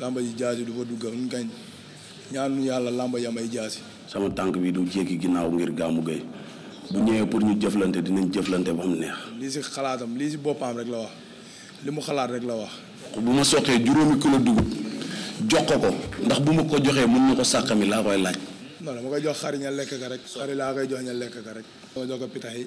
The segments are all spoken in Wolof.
lamba ji jaasi du fa dugga nun kañ ñaanu yàlla làmba ji am ay jaasi sama tànk bi du jéggi ginnaaw ngir gàmmu gay bu ñëwee pour ñu jëflante dinañ jëflante ba mu neex lii si xalaatam lii si boppam rek la wax li mu xalaat rek la wax bu ma soqee juróomi kilo dugub jox ko ko ndax bu ma ko joxee mën na ko sàkkami laa koy laaj non dama koy jox xari lekk ka rek xari laa koy jox ña lekk ka rek dama jox ko pitax yi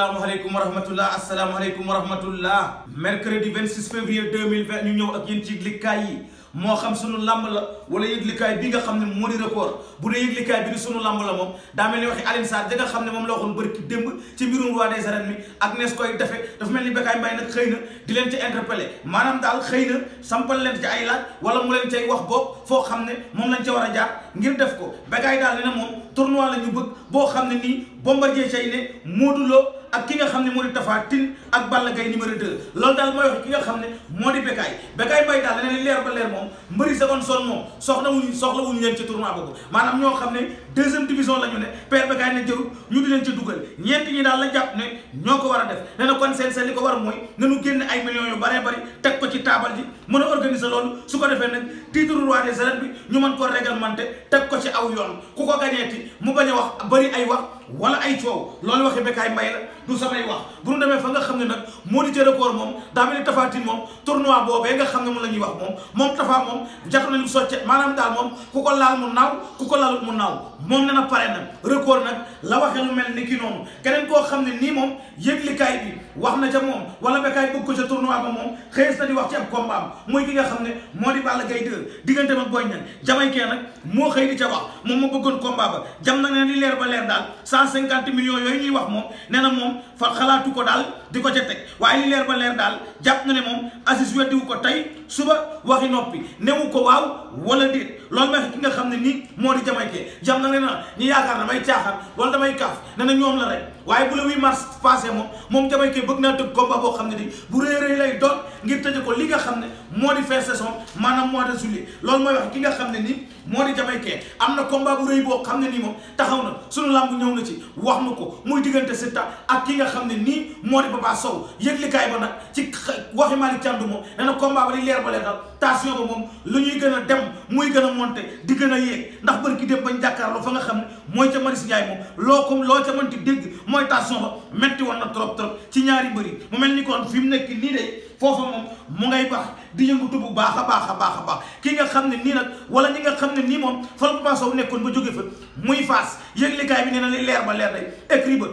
asalaamaaleykum wa rahmatullah asalaamaaleykum wa rahmatullah mercredi 26 février 2020 ñu ñëw ak yéen ci likkaay yi moo xam sunu làmb la wala yëglikaay bi nga xam ne moo di record bu dee yëglikaay bi di sunu lamb la moom daa mel ni waxi Alioune nga xam ne moom la waxoon bëri ki démb ci mbirum roi des arènes mi ak nees koy defe dafa mel ni Bécaye Mbaye nag xëy na di leen ci interpellé maanaam daal xëy na sampal leen ci ay wala mu leen wax bopp foo xam ne moom lañ ca war a jaar ngir def ko Bécaye daal ne na moom tournoi la ñu bëgg boo xam ne nii Bombardier cay ne du loo ak ki nga xam ne moo di Tapha Tine ak Balla Gaye numéro 2 loolu daal mooy wax ki nga xam ne moo di Bécaye Bécaye Mbaye daal leneen leer ba leer moom mbëri seconde zone moom soxla wuñu soxla wuñu leen ci tournoi boobu maanaam ñoo xam ne deuxième division la ñu ne père Becaye ne jëru ñu di leen ci dugal ñeenti ñi daal la jàpp ne ñoo ko war a def nee kon seen seen li ko war a mooy nañu génne ay millions yu baree bari teg ko ci taabal ji mën a organiser loolu su ko defee nag titre roi des arènes bi ñu mën ko réglementer teg ko ci aw yoon ku ko gañeeti mu bañ a wax bari ay wax wala ay coow loolu waxi Becaye Mbaye la du samay wax bu ñu demee fa nga xam ne nag moo di ci record moom daa mel ni moom tournoi boobee nga xam ne moom la ñuy wax moom moom Tapha moom jàpp nañu socce maanaam daal moom ku ko laal mu naaw ku ko laalut mu naaw moom na na pare na record nag la waxee lu mel ni ki noonu keneen koo xam ne nii moom yëglikaay bi wax na ca moom wala bakaay bëgg ko ca tournoi ba moom xëes na di wax ci ab combat am mooy ki nga xam ne moo di Balla Gaye 2 diggante mag boy ñan jamaykee nag moo xëy di ca wax moom ma bëggoon combat ba jam na ne li leer ba leer daal cent cinquante millions yooyu ñuy wax moom nee na moom fa xalaatu ko daal di ko ca teg waaye li leer ba leer daal jàpp na ne moom Aziz weddiwu ko tey suba waxi noppi newu ko waaw wala déet loolu mooy ki nga xam ne nii moo di jamaykee jam na ne na ñu yaakaar may caaxaan wala damay kaaf ne na ñoom la rek waaye bu la 8 mars passé moom moom Jamaïcain bëgg naa tëgg combat boo xam ne nii bu rëy rëy lay doon ngir tëje ko li nga xam ne moo di fin saison maanaam mois de juillet loolu ki nga xam ne nii moo di Jamaïcain am na combat bu rëy boo xam moom taxaw na sunu làmb ñëw na ci wax na ko muy diggante Siteu ak ki nga xam ne nii moo di Papa Sow yëglikaay ba nag ci waxi Malick Thiandou moom nee na combat ba li leer ba leen dal tension ba moom lu ñuy gën a dem gën a monter di gën a yéeg ndax bër ki dem bañ jàkkaarloo fa nga xam ne mooy ca si Ndiaye moom loo ko loo ca mënti dégg moytation ba metti woon na trop trop ci ñaari mbër yi mu mel ni kon fi mu nekk nii de foofa moom mu ngay baax di yëngutu bu baax a baax a baax a baax ki nga xam ne nii nag wala ñi nga xam ne nii moom fa la Papa Sow nekkoon ba jóge fa muy faas yëglikaay bi nee na li leer ba leer day écrit ba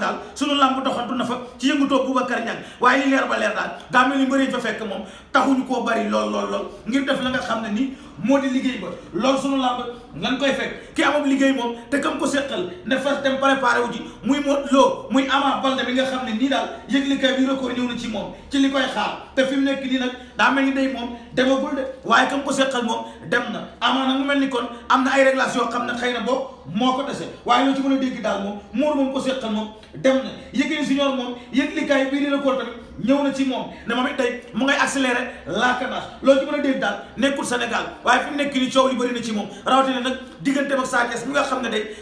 na fa ci yëngutoo Boubacar Niang waaye li leer ba leer daal fa fekk moom taxuñu ko bari lool lool lool ngir def la nga xam ne nii moo di liggéey ba loolu sunu làmb lan koy fekk ki amam liggéey moom te kam ko seqal ne fa dem préparé wu ji muy mo loo muy Ama Baldé bi nga xam ne nii daal yëglikaay bi record ñëw na ci moom nag daa mel ni day moom demagul de waaye kam ko seqal moom dem na amaana mu mel ni kon am na ay régulation yoo xam na xëy na boobu moo ko dese waaye loo ci mën a dégg daal moom muur moom ko seqal moom dem na Yékini Junior moom yëglikaay bii di la ko tamit ñëw na ci moom ne moom it tey mu ngay accéléré la cadence loolu ci mën a dégg daal nekkul Sénégal waaye fi mu nekk nii coow li bëri na ci moom rawatina nag diggante ak Sa Thiès mi nga xam ne day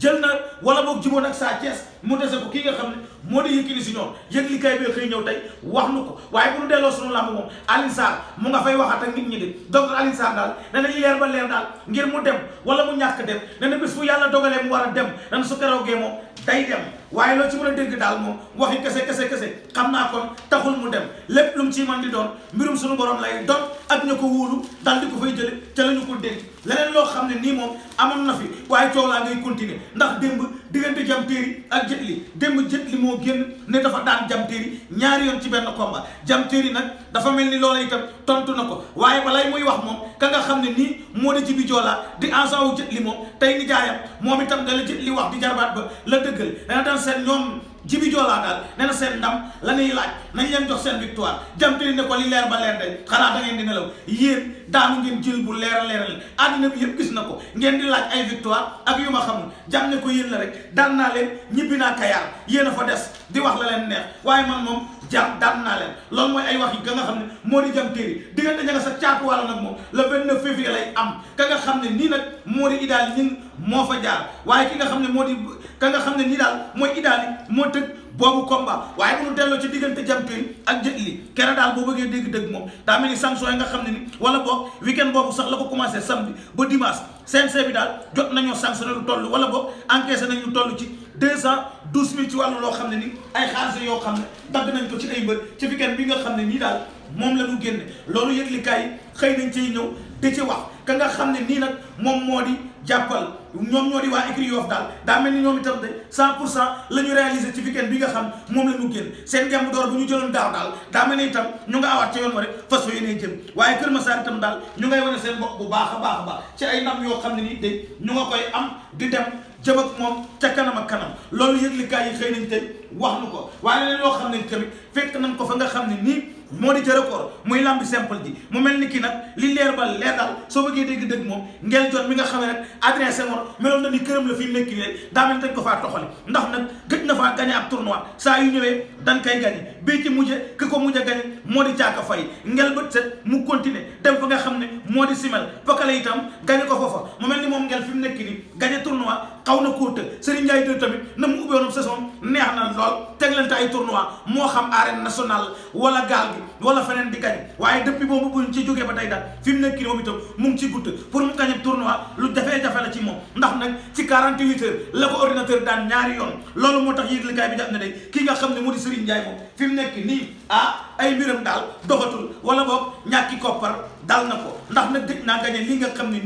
jël na wala boog jiboon ak Sa Thiès mu dese ko kii nga xam ne moo di Yékini Junior yëglikaay bi xëy ñëw tey wax nu ko waaye bu ñu delloo sunu làmb moom Alioune mu nga fay waxaat ak nit ñi di docteur Alioune Sarr daal ne nañu leer ngir mu dem wala mu ñàkk dem nee na bés bu yàlla dogalee mu war a dem nan su keroogee moom day dem waaye loo ci mën a dégg daal moom waxi kase kase kese xam naa kon taxul mu dem lépp lu ci ciy man di doon mbirum suñu borom lay doon ak ñu ko wóolu dal di ko fay jële ca la ñu ko dégg leneen loo xam ne nii moom amoon na fi waaye coow laa ngay continuer ndax démb diggante jam téeri ak jët li démb jët li moo génn ne dafa daan jam téeri ñaari yoon ci benn combat jam téeri nag dafa mel ni loola itam tontu na ko waaye balay muy wax moom ka nga xam ne nii moo di jibi joolaa di ansan wu li moom tey ni jaayam moom itam da la jët li wax di jarbaat ba la dëggal seen ñoom jibi joolaa daal nee na seen ndam la ñuy laaj nañ leen jox seen victoire jam tiri ne ko li leer ba leer de xanaa da ngeen di nelaw yéen daanu ngeen jël bu leer leeral àddina bi yëpp gis na ko ngeen di laaj ay victoire ak yu ma xamul jàmm ne ko yéen la rek daan naa leen ñibbi naa kayaar yéen a fa des di wax la leen neex waaye man moom jàmm daan naa leen loolu mooy ay wax yi ga nga xam ne moo di jam téeri diggante ña nga sa caatu wàll nag moom le 29 février lay am ka nga xam ne nii nag moo di idaali ñun moo fa jaar waaye ki nga xam ne moo di ka nga xam ne nii daal mooy idaali moo tëg boobu combat waaye bu ñu delloo ci diggante jampiin ak jët li kere daal boo bëggee dégg dëgg moom daa mel ni sanction yi nga xam ne ni wala boog weekend boobu sax la ko commencé samedi ba dimanche CNG bi daal jot nañoo sanctionné lu toll wala boog encaissé nañ lu tollu ci deux cent douze mille ci wàllu loo xam ne ni ay xaalis yoo xam ne dagg nañ ko ci ay mbër ci weekend bi nga xam ne nii daal moom la ñu génne loolu yëglikaay yi xëy nañ ciy ñëw di ci wax ka nga xam ne nii nag moom moo di jàppal ñoom ñoo di waa écrit yoof daal daa mel ni ñoom itam de cent pour cent la ñu réalisé ci weekend bi nga xam moom la ñu génn seen gemb door bu ñu jëloon daaw daal daa mel ni itam ñu nga awaat ca yoon wa rek waaye Kër Massar itam daal ñu ngay wane seen bopp bu baax a baax a baax yoo xam ne nii de ñu nga koy ak moom ca kanam kanam loolu yëglikaay yi xëy nañ tey wax nu ko waaye leneen loo xam ne tamit fekk nañ ko fa nga xam ne nii moo di ca record muy lambi simple ji mu mel ni kii nag li leer ba leer daal soo bëggee dégg dëgg moom ngel jot mi nga xam ne rek Adrien meloon na ni këram la fi nekk nii rek daa ko faa toxali ndax nag gëj na faa gañe ab tournoi saa yu ñëwee dañ koy gañe bii ci mujje ki ko mujj a gañe moo di caaka fay ngel bët set mu continuer dem fa nga xam ne moo di simel fakale itam gañe ko foofa mu mel ni moom ngel fi mu nekk nii gañe tournoi xaw na koo të Serigne Ndiaye 2 tamit na mu ubbeewoon saison neex na lool teglante ay tournoi moo xam arène national wala gaal gi wala feneen di gañ waaye depuis boobu buñ ci jógee ba tey daal fi mu nekk nii moom itam mu ci gudd pour mu gañ tournoi lu jafe-jafe la ci moom ndax nag ci 48 heures la ko ordinateur daan ñaari yoon loolu moo tax yëglikaay bi jàpp na ne ki nga xam ne moo di Serigne Ndiaye moom fi mu nekk nii ah ay mbiram daal doxatul wala boog ñàkki koppar dal na ko ndax nag gëj naa gañe li nga xam ne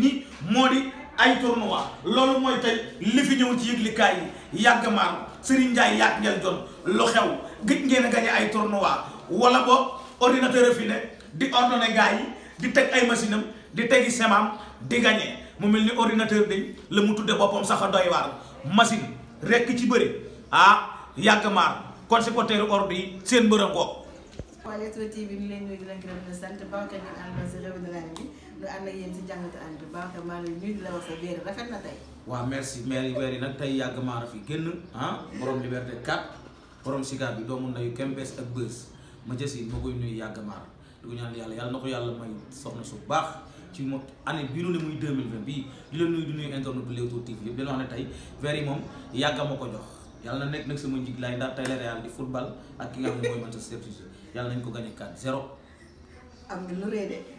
moo di ay tournoi loolu mooy tey li fi ñëw ci yëglikaay yi yàgg maar Serigne Ndiaye yàgg ngeen jon lu xew gëj ngeen a ay tournoi wala boo ordinateur fi ne di ordonné di teg ay machine am di tegi semam di mu mel ni ordinateur dañ la mu tuddee boppam sax a doy waar machine rekk ci bëri ah yàgg maar kon supporteru yi seen mbërëm ko. waa Leewtoo TV ñu ànd ak yéen si jàngatu ànd Babacar maa ngi nuyu di la wax sa biir rafet na tey. waaw merci maire yi weer yi nag tey yàgg maa fi génn ah, borom liberté 4 borom sigaar bi doomu ndeyu kembees ak bës ma jës yi ma koy nuyu yàgg maar di ko ñaan yàlla yàlla na ko yàlla may soxna su baax ci mo année bii nu ne muy 2020 bii di la nuyu di nuyu internet bu Leewtoo TV yëpp dina wax ne tey weer moom yàgg ma ko jox yàlla na nekk nag sama njiglaay ndax tey la ak ki nga yàlla nañ ko gagné 4 0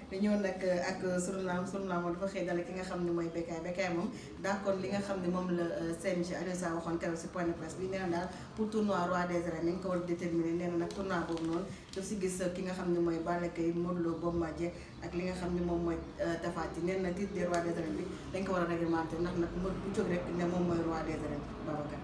dañoo nag euh, ak euh, sunu naam sunu naam moom dafa ki nga xam ne mooy Bécaye Bécaye moom d'accord li nga xam ne moom la euh, CNG Aliou Sarr waxoon keroog si point de ko war a déterminer na nag tournoi boobu noonu daf si gis ki nga xam ne mooy Balla Gaye Modou Lo Bombardier ak li nga xam ne moom mooy Tapha ci nee na titre des rois des arènes bi dañ ko war a réglementer ndax nag Modou bu jóg rek ne moom mooy roi des arènes Babacar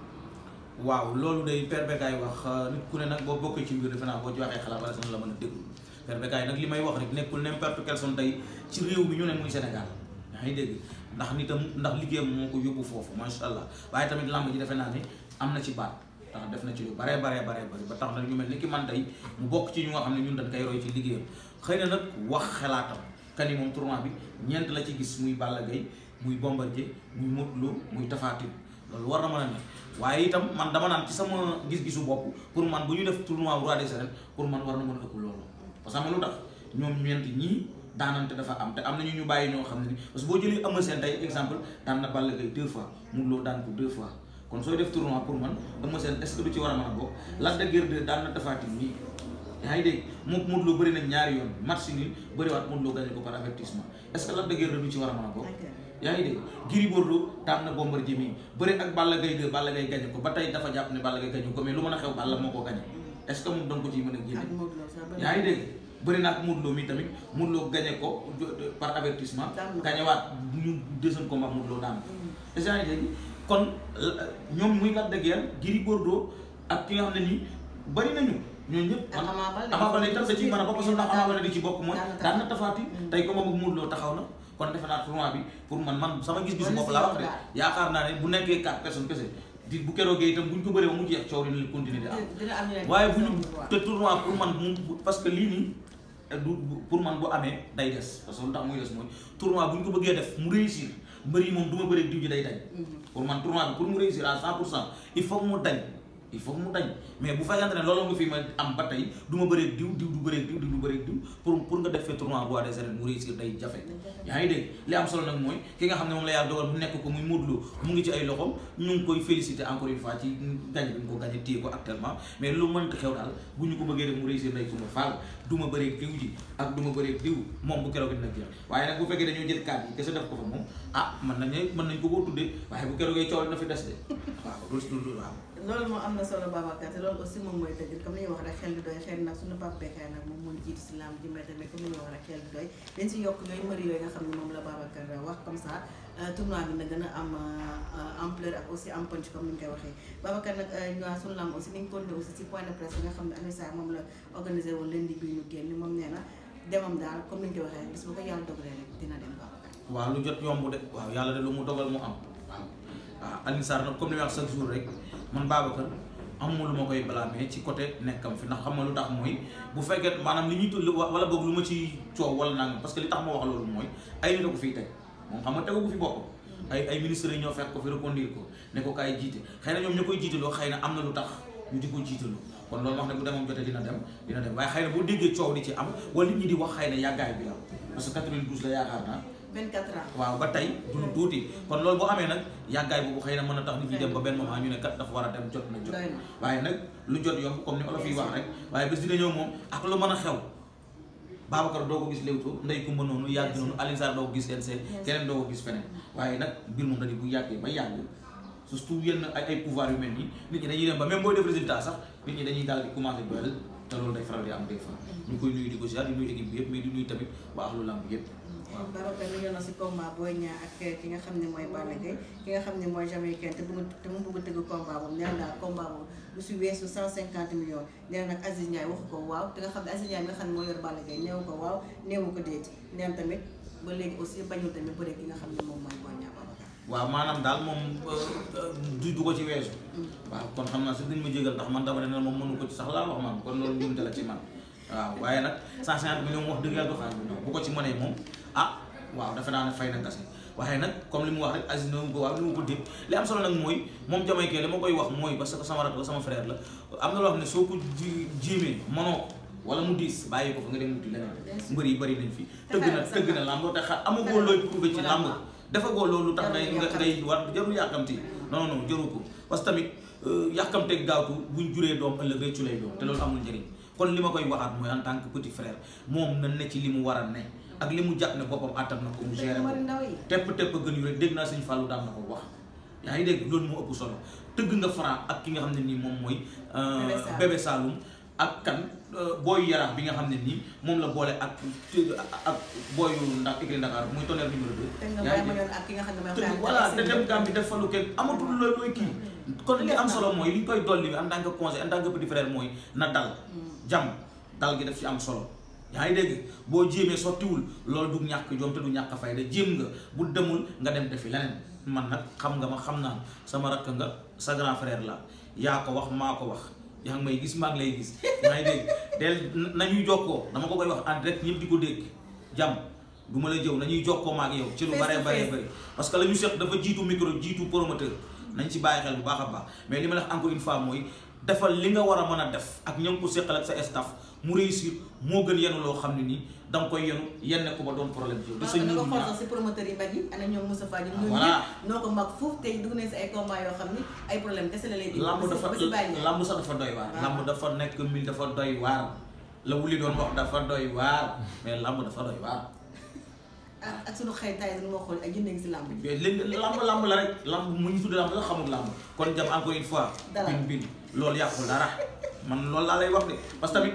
waaw loolu day Père Bécaye wax nit ku ne nag boo bokkee ci mbir defe naa boo joxee xalaat wala sax la mën a déglu Becaye nag li may wax rek nekkul n'importe quelle son tey ci réew bi ñu ne muy Sénégal yaa ngi dégg ndax nitam ndax liggéeyam moo ko yóbbu foofu macha allah waaye tamit lamb ji defe naa ne am na ci baat ndax def na ci lu bare bare bare bari ba tax na ñu mel ni ki man tey mu bokk ci ñu nga xam ne ñun dañ koy roy ci liggéeyam xëy na nag wax xalaatam kan yi bi ñeent la ci gis muy Balla Gaye muy Bombardier muy Modou muy Tapha Tine loolu war na mën a ne itam man dama naan sama gis-gisu bopp pour man bu ñu def tournoi roi des arènes pour man war na mën a ëpp parce que xam nga lu tax ñoom ñeent ñii daanante dafa am te am nañu ñu bàyyi ñoo xam ne parce que boo jëlee Eumeu seen tey exemple daan na Balla Gaye fois Modou Lo daan ko deux fois kon sooy def tournoi pour man Eumeu Sène est-ce du ci war a mën a bokk Lac de Guiers 2 daan na nii yaa ngi dégg moom Modou Lo bëri ñaari yoon match nii bëriwaat Modou Lo gagné ko par avertissement est-ce que du ci war a mën a bokk yaa ngi dégg Gris na Bombardier mi bëri ak Balla Gaye 2 Balla Gaye gagné ko a xew Balla moo ko est-ce que moom ko ciy mën a génne. yaa ngi dégg bëri na ak Modou Lo mi tamit Modou Lo ko par avertissement. gagné waat ñu deuxième ko. Mm. yaa ngi dégg kon ñoom muy Lac de Guiers Gris Bordeaux ak ki nga xam ne nii bëri nañu. ñooñu ñëpp Ama Baldé a bokk ndax Ama Baldé tafaati mm. tey comme moom Modou Lo taxaw na kon defe naa tournoi bi pour man man sama gis-gisu bopp laa wax rek yaakaar naa ne bu nekkee quatre personnes kese di bu keroogee itam bu ñu ko bëree mu jeex coow dina continuer di am waaye bu ñu te tournoi pour man mu parce que lii nii eh, pour man bu amee day des parce que lu tax muy des mooy tournoi bu ñu ko bëggee def mu réussir mbër yi moom du ma diw ji day dañ mm-hmm. pour man tournoi bi pour mu réussir à cent pour cent il faut mu dañ il faut mu dañ mais bu fekkente ne am ba tey du ma bëreeg diw diw du bëreeg diw diw pour pour nga def fee tournoi roi des arènes mu nag mooy ki nga xam ne moom la yàlla nekk ko muy Modou mu ay loxom ñu ngi koy félicité encore actuellement mais lu mënta xew daal bu ñu ko bëggee def mu réussir day ma bëreeg diw ma bëreeg diw moom bu keroog dina waaye bu fekkee dañoo jël kaat yi kese def ko fa moom ah mën nañu mën nañ ko koo tuddee waaye bu keroogee coow na fi des de waaw loolu moo am na solo Babacar te loolu moom mooy tëjul comme ni ñu wax rek xel bi doy xel nag suñu Pape nag moom moo jiitu si lamb wax rek xel bi doy moom la Babacar wax comme ça euh, tournoi bi na gën a am euh, ampleur ak am ñu koy waxee Babacar nag euh, ñuwaa suñu lamb aussi niñ continué aussi si xam ne amisa moom la organisé woon lundi bi ñu génn moom nee na demam daal comme ni ñu koy waxee bis ko yàlla dogalee rek dina dem Babacar waaw lu jot yomb de waaw yàlla de wax chaque jour rek man Babacar amuma lu ma koy blâmer ci côté nekkam fi ndax xam nga lu tax mooy bu fekkee maanaam li ñuy wax wala boog lu ma ci coow wala nangam parce que li tax ma loolu mooy ay nit a ko moom fi boppam. ay ay ministres yi fekk ko fi reconduire ko ne ko kaay jiite xëy na ñoom ña koy jiitaloo xëy na am na lu tax ñu di ko jiitaloo kon loolu wax ne bu demoon jotee dina dem dina dem waaye xëy na boo déggee coow di ci am wala nit ñi di wax xëy na yàggaay bi am parce que 92 la yaakaar naa. 24 ans waaw ba tey dund tuuti kon loolu bu amee nag yàggaay boobu xëy na mën a tax nit ñi dem ba benn moment ñu ne kat dafa war a dem jot na jot waaye nag lu jot yomb comme ni rek waaye bés dina ñëw moom ak lu mën a xew Babacar doo ko gis Leewtoo ndey Kumba noonu yàgg noonu Alioune Sarr doo ko gis NC keneen doo ko gis feneen waaye nag mbir moom dañu bu yàggee ba yàgg surtout yenn ay ay pouvoir yu mel nii nit ñi dañuy dem ba même booy def résultat sax nit ñi dañuy daal mm. ñu koy nuyu di ko siyaar di nuyu bi yëpp mais di nuyu tamit waa Ahlu Lamb yëpp Baro tamit yoon na si combat Boy Niang ak ki nga xam ni mooy Balla Gaye ki nga xam ne mooy Jamaïcain te te mu bëgg a tëgg combat boobu nee naa combat boobu lu si weesu 150 millions nee ko waaw te xam ne Aziz Ndiaye mi nga xam ne moo yor Balla Gaye néew ko waaw néewu ko déet neen tamit ba léegi aussi bañul tamit bëre ki nga xam ne moom mooy Boy Niang Babacar waaw daal moom du euh, euh, du ko ci weesu mm. waaw kon xam naa su duñ ma jégal ndax man dama ne na moom mënu ko ci sax laa wax man kon loolu ñumu dala ci man waaw waaye nag 150 millions wax dëgg yàlla du bu ko ci mënee moom ah waaw dafa naa ne fay na gas waaye nag comme li mu wax rek Aziz na ko waaw li li am solo nag mooy moom Jamaïcain li ma koy wax mooy parce que sama rak la sama frère am na loo xam ne soo ko ji wala mu diis bàyyi ko fa nga dem wuti leneen mbër yi bëri nañ fi tëgg na tëgg na làmb te xa amagoo looy prouvé ci làmb dafa goo loolu tax ngay nga ngay war jarul yàkkamti non non jaru ko parce que tamit gaaw euh, gaawtu bu juree doom ëllëg réccu lay doom te loolu amul njëriñ kon li ma koy waxaat mooy en tant que petit frère moom na ne ci li mu war a ne ak li mu jàpp ne boppam àttan na ko mu gérer ko tepp tepp gën yu rek naa suñu fàllu daan na ko wax yaa ngi dégg loolu moo ëpp solo tëgg nga Franc ak ki nga xam ne nii moom mooy euh, Bébé Saloum ak kan euh, booy yaraax bi nga xam ne nii moom la boole ak ak booyu ndax écrit Dakar muy tonnerre numéro 2 yaa ngi dégg voilà te dem Gambie def falu kenn amatul mm. la looy kii mm. kon li am solo mooy li ñu koy dolli en tant que conseil en tant que petit frère mooy na dal mm. jàmm dal gi def ci am solo yaa ngi dégg boo jéemee sottiwul lool du ñàkk jom te du ñàkk la jéem nga bu demul nga dem defi leneen man nag xam nga ma xam naan sama rakk nga sa grand frère la yaa ko wax maa ko wax yaa ngi may gis maa ngi lay gis yaa ngi dégg del nañuy jokkoo dama ko koy wax en direct di ko dégg jàmm du ma la jëw nañuy jokkoo maa ak yow ci lu bare bare bëri parce que la ñu seq dafa jiitu micro jiitu promoteur nañ ci bàyyi xel bu baax a baax mais li ma la wax encore fois mooy defal li nga war a mën a def ak ña ko seqal sa staff mu réussir moo gën yenu loo xam ne nii da nga koy yenu yenn ko ba doon problème bi. si promoteur yi mbaj yi ana ah, yoo xam ni ay problème la lay. lamb dafa lamb sax dafa doy waar. lamb dafa nekk la wuli doon wax dafa doy waar mais lamb dafa ah, a ngi si lamb bi. léegi lamb la rek lamb mu ñu tudd lamb sax xamul lamb kon jam encore une laa lay wax de parce que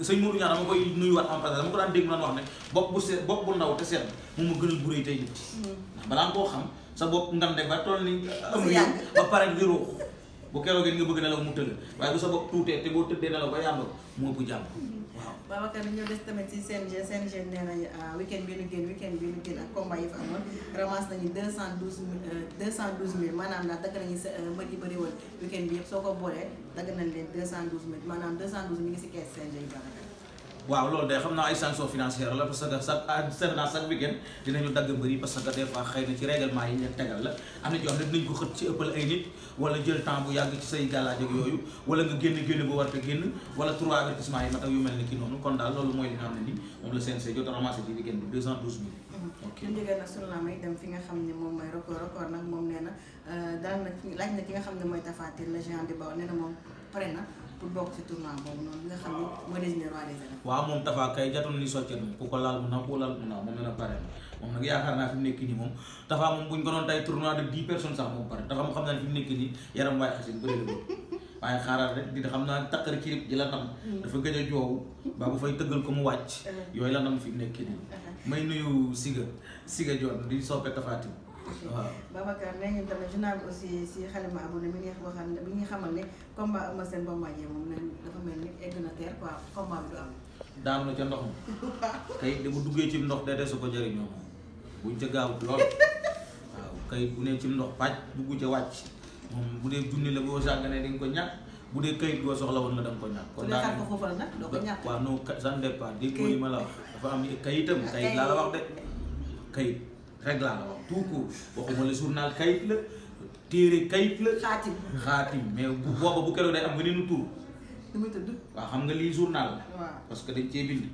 sëñ Modou Niang dama koy nuyuwaat en passant dama ko daan dégg naan wax ne bopp bu seet bopp bu ndaw te seet moom ma gënal bu rëy tey mm. ndax balaa nga koo xam sa bopp ngan de ba toll ni am ba pare di ruux bu keroogee nga bëgg nelaw mu tëdd waaye bu sa bopp tuutee te boo tëddee nelaw ba yàndoo moo bu jàmm waaw Babacar ñoo des tamit si CNG CNG nee nañ euh, weekend bi nu génn weekend bi nu génn ak combat yi fa amoon ramasse nañu deux cent douze euh, douze mille maanaam daal euh, soo ko boolee dagg nañ leen deux cent douze mille maanaam deux cent douze mi ngi si kees CNG yi Babacar waaw loolu de xam naa ay sanction financière la parce que chaque ah, seet naa chaque week-end dinañu dagg mbëri parce que des fois ci règlement yi leen tegal la am na ci yoo xam ko xët ci ëppal ay nit wala jël temps bu yàgg ci say gàllaaj yooyu wala nga génn génn bu war te génn wala trois avertissement yi mat ak yu mel ni ki noonu kon daal loolu mooy li nga xam ne moom la CNG jot a ramassé ci bi deux cent douze mille mhm. ok ñu nag sunu xam ne moom euh, ki nga xam ne mooy Tapha Tine le pour bokk ci tournoi boobu noonu nga xam ne moo désigné roi des waaw moom Tafa kay jotoon li soccet ko ko laal mu naaw moom la pare moom nag naa fi mu nekk moom Tafa moom bu ñu ko doon tay tournoi de dix personnes sax moom pare Tafa mu xam naa ne fi mu nekk nii yaram waaye xasin bëri la waaye xaaral rek di xam naa takkari ci rib ji la nam mm. dafa gëj a joowu baa bu fay tëggal ko mu wàcc mm. yooyu la nam fi mu nekk nii mm-hmm. may nuyu Siga Siga Dione di soppe Tafatim aussi Babacar nee ngeen tamit journal bi aussi si xalima amoon na mi ngi waxal mi ngi xamal ne combat Eumeu Sène Bombardier moom ne dafa mel ni egg na terre quoi combat bi am ca ndox ma kay li mu duggee ci ndox de su ko jëriñoo moom buñ ca gaaw lool waaw kay bu ne ci ndox pàcc dugg ca wàcc moom bu dee junni la boo sàgganee di ko ñàkk bu dee kayit goo soxla woon nga dem ko ñàkk. kon daal ko foofu nag doo ko ñàkk. waaw non ne dépend dégg nga li ma la wax dafa am kayitam kayit laa wax de kayit. rek la wax tout court waxuma la journal kayit la téere kayit la. xaatim xaatim mais bu booba bu keroog day am beneen tur. nu muy tudd. waaw xam nga lii journal la. parce que dañ cee bind.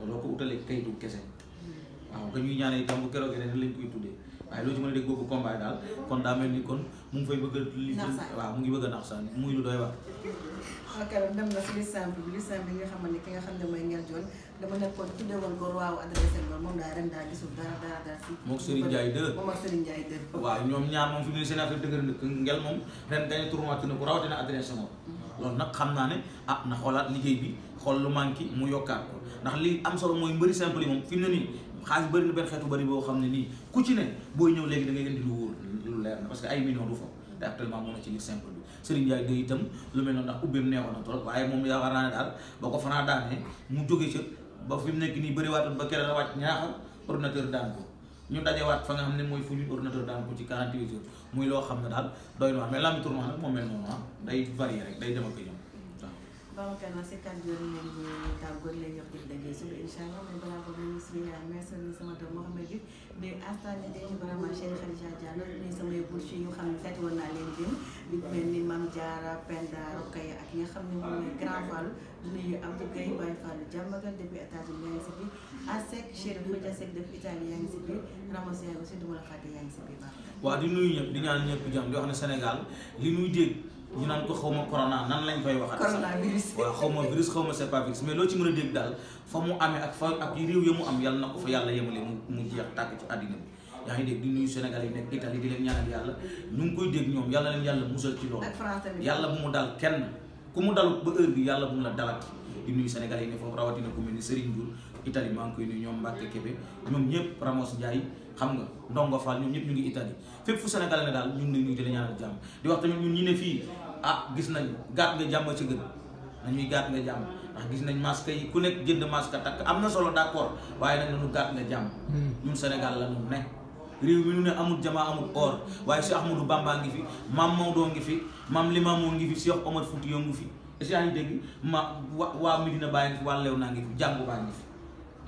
looloo ko utalee kayitu kese. Hmm. waaw nga ñuy ñaanee itam bu keroog yi lañ koy tuddee. waaye loo ci mën a dégg boobu combat daal kon daa mel ni kon mu ngi fay bëgg a. li waaw mu ngi bëgg a nax saan muy lu doy wax. waaw dem na si li simple bi li simple nga xamante ni ki nga xam ne dama nekkoon tuddee woon ko waaw adressé nga moom daal ren daal gisul moom Serigne Ndiaye dër moom ak Serigne Ndiaye dër. waaw ñoom ñaar moom fi moom ren na ko moom. Mm-hmm. loolu naa ne ah na xoolaat liggéey bi xool lu manqué mu yokkaat ko li am solo mooy mbëri simple yi moom fi mu ne nii xaalis bëri na xam ne nii ku ci ñëw léegi da ngay leer parce que ay millions du fa moo na ci li simple bi Serigne lu mel noonu ndax ubbeem neexoon na trop waaye moom yaakaar naa ne daal ba ko fanaa daanee mu jógee ca ba fi mu nekk nii bëriwaatoon ba keroog a wàcc ñaaxal ordinateur daan ko ñu dajewaat fa nga xam ne mooy fu ñu ordinateur daan ko ci 48 heures muy loo xam ne daal doy na waar mais lambi tournoi nag moo mel noonu ah day varié rek day dem ak Babacar waa si kàddu yi leen di tàggoo di leen jox dig daje suba incha allah mais balaa boobu ñu ngi suñu yaay merci bi mais instant bi dañu vraiment Cheikh Khadija Diallo mel ni Mame Diarra Penda Rokhaya ak ñi xam ne moom mooy Grand Fall nuyu Abdou Gueye Baye Fall jàmbagal depuis États-Unis yaa ngi si yaa ngi si biir Ramos yaa ngi aussi la fàtte yaa ngi si biir baax waaw di ñëpp di ñaan ñëpp jàmm li nuy dégg ñu naan ko xaw ma corona nan lañ koy waxat coronavirus waaw xaw virus xaw ma virus mais loo ci mën a dégg daal fa mu amee ak fa ak réew ya mu am yàlla na ko fa yàlla yemale mu mu jeex tàkk ci àddina bi yaa ngi dégg di nuyu Sénégal yi nekk Italie di leen ñaanal yàlla ñu ngi koy dégg ñoom yàlla leen yàlla musal ci loolu yàlla bu mu dal kenn ku mu dal ba heure bi yàlla bu mu la dalak di nuyu Sénégal yi ne foofu rawatina ku mel ni Serigne Diour Italie maa ngi koy nuyu ñoom Mbacke Kébé ñoom ñëpp Ramos Ndiaye xam nga ndongo Fall ñoom ñëpp ñu ngi Italie fépp fu Sénégal ne daal ñun ñu ngi jëlee a jàmm di wax tamit ñun ñi ne fii ah gis nañ gàtt nga jàmm ci gën nañuy gàtt ndax gis nañ masque yi ku nekk jënd masque takk am na solo d'accord waaye nag nañu gàtt nga jàmm hmm. ñun ne réew mi ñu ne amul jamaa amul or waaye Cheikh Ahmadou Bamba ngi fi Maam Maodo ngi fi Maam moo ngi fi Cheikh Omar Fouti yo ngi fi est-ce que yaa ngi dégg ma waa Medina Baye ngi fi waa Léona ngi fi jàngu baa ngi fi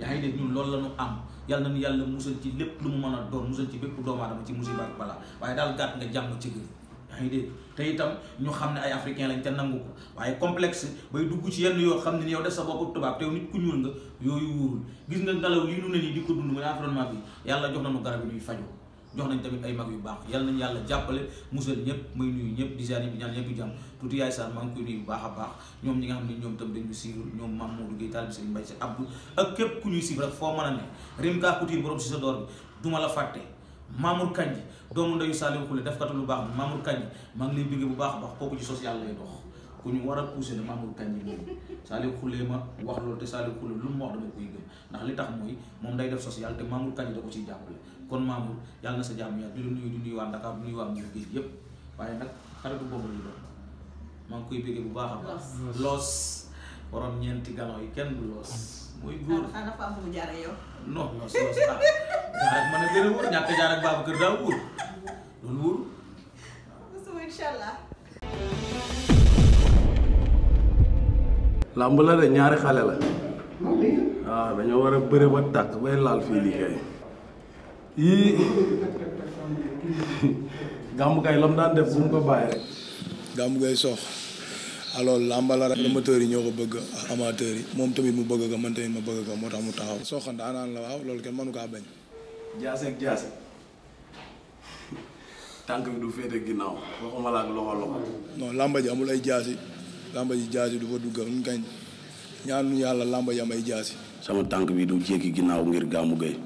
yaa ngi dégg ñun loolu la ñu am yàlla nañu yàlla musal ci lépp lu mu mën a doon musal ci bépp doomu aadama ci musiba ak balaa waaye daal gàtt nga jàmm ci gër yaa ngi dégg te itam ñu xam ne ay africain lañ ca nangu ko waaye complexe bay dugg ci yenn yoo xam ne yow def sa bopp tubaab te nit ku ñuul nga yooyu wóorul gis nga ngelaw lii nu ne nii di ko dund mooy environnement bi yàlla jox nañu garab yi ñuy fajoo jox nañ tamit ay mag yu baax yàlla nañ yàlla jàppale musal ñëpp muy nuyu ñëpp di ziar ñaan ñëpp jàmm tuuti yaay saan maa ngi koy bu baax a baax ñoom ñi nga xam ne ñoom tam dañu suivre ñoom Mame Modou Gueye taalibe Serigne Mbaye Sy Abdou ak képp ku ñuy suivre rek foo mën a ne Rimka Couture borom si sa bi duma la fàtte Mamour def katu lu baax bi Mamour maa ngi lay bu baax a baax kooku ci social lay dox ku ñu war a poussé ne Mamour Kandji moom Saliou Koule ma wax loolu te Saliou Koule lu mu wax dama koy gëm ndax li tax mooy moom day def social te Mamour Kandji da ko ciy jàppale kon Mamour yàlla na sa jàmm yàlla di la nuyu di nuyu waa Dakar di nuyu waa Mbour géej yëpp waaye nag xaritu boobu lañu doon maa ngi koy bëggee bu baax a ñeenti gano yi kenn du loos. mooy góor ah dafa loolu wóor. waaw làmb la de ñaari xale la. waaw ah, dañoo war a bëre ba tàkk bay laal fii liggéey. yii gàmmu kay lam daan def bu ko bàyyi rek. gàmmu kay sox alors làmba la rek ma yi ñoo ko bëgg ak amateurs moom tamit mu bëgg ko man tamit ma bëgg ko moo tax mu taxaw. soxna daanaan la waaw loolu kenn mënu kaa bañ. jaase ak jaase tànk bi du féete ginnaaw waxuma la ak loxo loxo. non làmba ji amul ay jaasi làmba ji jaasi du fa dugg ñu kañ ñaanu yàlla làmba ji am ay jaasi. sama tànk bi du jéggi ginnaaw ngir gàmmu gay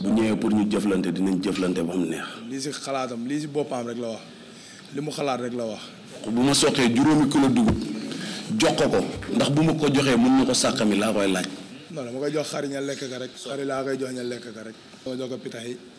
bu ñëwee pour ñu jëflante dinañ jëflante ba mu neex. lii si xalaatam lii si boppam rek la wax li mu xalaat rek la wax. bu ma soqee juróomi kilo dugub jox ko ko ndax bu ma ko joxee mën na ko sàkkami laa koy laaj. non dama koy jox xari lekk ka rek. xari laa koy jox ña lekk ka rek. dama jox ko pitax yi.